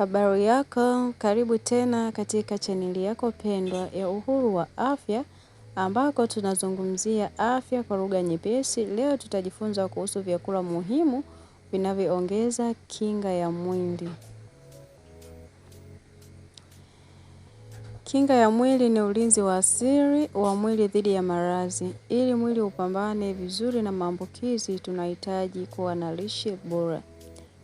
Habari yako, karibu tena katika chaneli yako pendwa ya Uhuru wa Afya ambako tunazungumzia afya kwa lugha nyepesi. Leo tutajifunza kuhusu vyakula muhimu vinavyoongeza kinga ya mwili. Kinga ya mwili ni ulinzi wa asili wa mwili dhidi ya maradhi. Ili mwili upambane vizuri na maambukizi, tunahitaji kuwa na lishe bora.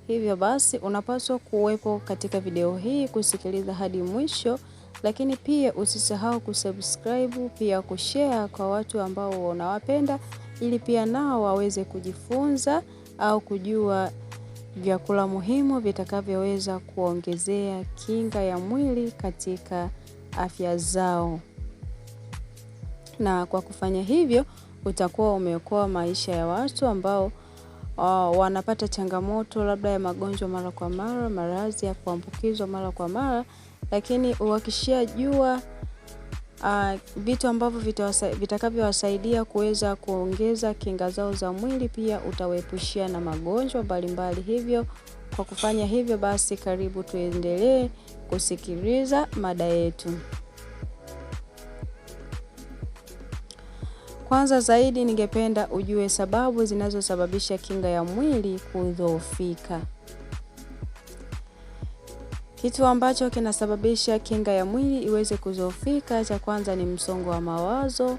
Hivyo basi unapaswa kuwepo katika video hii kusikiliza hadi mwisho, lakini pia usisahau kusubscribe, pia kushare kwa watu ambao unawapenda, ili pia nao waweze kujifunza au kujua vyakula muhimu vitakavyoweza kuongezea kinga ya mwili katika afya zao. Na kwa kufanya hivyo utakuwa umeokoa maisha ya watu ambao Oh, wanapata changamoto labda ya magonjwa mara kwa mara, maradhi ya kuambukizwa mara kwa mara, lakini uwakishia jua uh, ah, vitu ambavyo vitakavyowasaidia kuweza kuongeza kinga zao za mwili, pia utawaepushia na magonjwa mbalimbali. Hivyo kwa kufanya hivyo basi, karibu tuendelee kusikiliza mada yetu. Kwanza zaidi ningependa ujue sababu zinazosababisha kinga ya mwili kudhoofika. Kitu ambacho kinasababisha kinga ya mwili iweze kuzoofika cha kwanza ni msongo wa mawazo,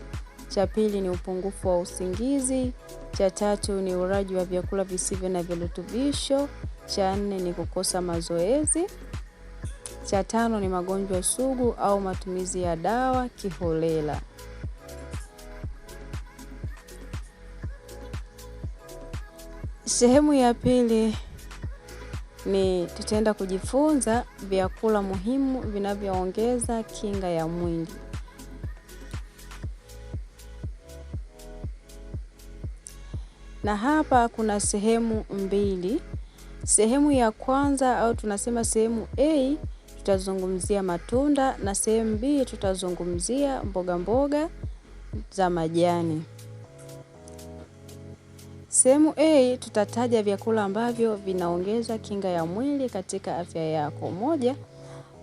cha pili ni upungufu wa usingizi, cha tatu ni uraji wa vyakula visivyo na virutubisho, cha nne ni kukosa mazoezi, cha tano ni magonjwa sugu au matumizi ya dawa kiholela. Sehemu ya pili ni tutaenda kujifunza vyakula muhimu vinavyoongeza kinga ya mwili. Na hapa kuna sehemu mbili. Sehemu ya kwanza au tunasema sehemu A tutazungumzia matunda na sehemu B tutazungumzia mboga mboga za majani. Sehemu A tutataja vyakula ambavyo vinaongeza kinga ya mwili katika afya yako. Moja,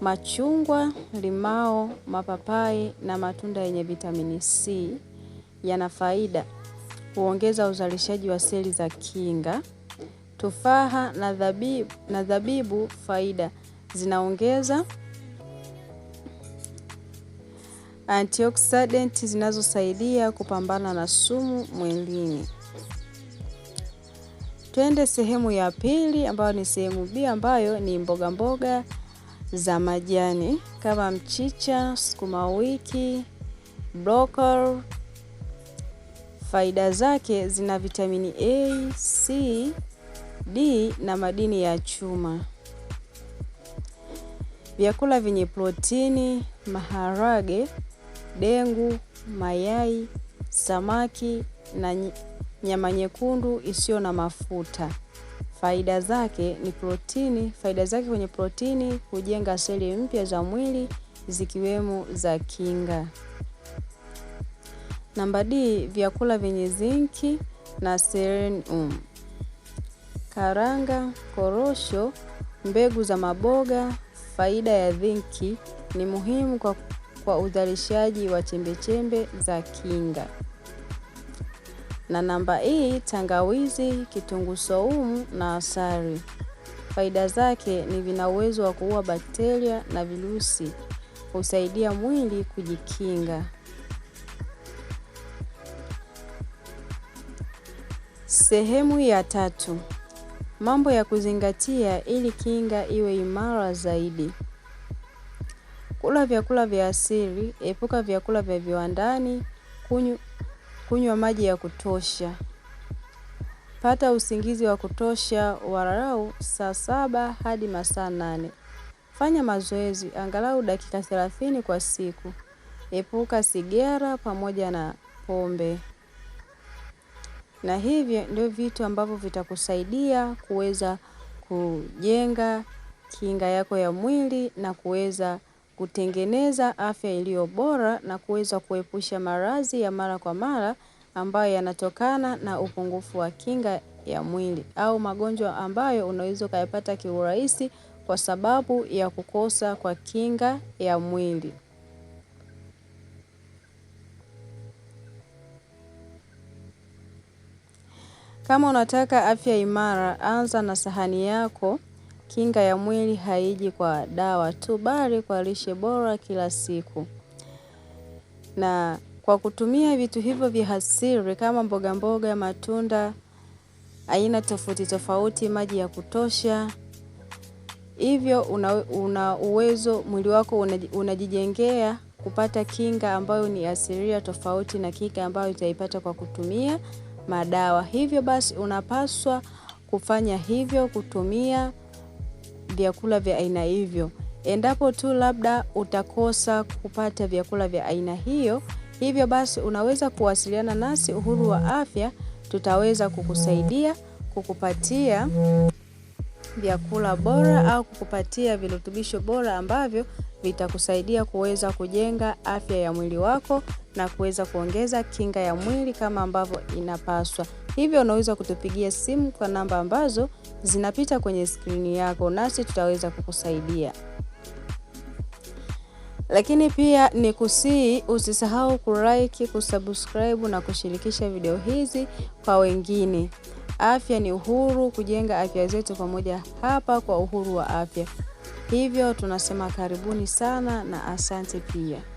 machungwa, limao, mapapai na matunda yenye vitamini C yana faida, huongeza uzalishaji wa seli za kinga. Tufaha na dhabibu, na zabibu faida zinaongeza antioxidant zinazosaidia kupambana na sumu mwilini. Twende sehemu ya pili ambayo ni sehemu B ambayo ni mboga mboga za majani kama mchicha, sukuma wiki, broccoli. Faida zake zina vitamini A, C, D na madini ya chuma. Vyakula vyenye protini: maharage, dengu, mayai, samaki na nyama nyekundu isiyo na mafuta. Faida zake ni protini. Faida zake kwenye protini, hujenga seli mpya za mwili zikiwemo za kinga. Namba D, vyakula vyenye zinki na selenium. Karanga, korosho, mbegu za maboga. Faida ya zinki ni muhimu kwa, kwa uzalishaji wa chembechembe za kinga na namba hii e, tangawizi, kitunguu saumu na asali. Faida zake ni vina uwezo wa kuua bakteria na virusi, husaidia mwili kujikinga. Sehemu ya tatu: mambo ya kuzingatia ili kinga iwe imara zaidi. Kula vyakula vya asili, epuka vyakula vya viwandani, kunywa Kunywa maji ya kutosha. Pata usingizi wa kutosha walau saa saba hadi masaa nane. Fanya mazoezi angalau dakika thelathini kwa siku. Epuka sigara pamoja na pombe. Na hivyo ndio vitu ambavyo vitakusaidia kuweza kujenga kinga yako ya mwili na kuweza kutengeneza afya iliyo bora na kuweza kuepusha maradhi ya mara kwa mara ambayo yanatokana na upungufu wa kinga ya mwili au magonjwa ambayo unaweza ukayapata kiurahisi kwa sababu ya kukosa kwa kinga ya mwili. Kama unataka afya imara, anza na sahani yako. Kinga ya mwili haiji kwa dawa tu, bali kwa lishe bora kila siku. Na kwa kutumia vitu hivyo vya asili kama mboga mboga, matunda, aina tofauti tofauti, maji ya kutosha, hivyo una uwezo mwili wako unajijengea kupata kinga ambayo ni asilia tofauti na kinga ambayo utaipata kwa kutumia madawa. Hivyo basi unapaswa kufanya hivyo kutumia vyakula vya aina hivyo. Endapo tu labda utakosa kupata vyakula vya aina hiyo, hivyo basi unaweza kuwasiliana nasi Uhuru wa Afya, tutaweza kukusaidia kukupatia vyakula bora au kukupatia virutubisho bora ambavyo vitakusaidia kuweza kujenga afya ya mwili wako na kuweza kuongeza kinga ya mwili kama ambavyo inapaswa. Hivyo unaweza kutupigia simu kwa namba ambazo zinapita kwenye skrini yako, nasi tutaweza kukusaidia. Lakini pia ni kusii usisahau kulike, kusubscribe na kushirikisha video hizi kwa wengine. Afya ni uhuru, kujenga afya zetu pamoja hapa kwa Uhuru wa Afya. Hivyo tunasema karibuni sana na asante pia.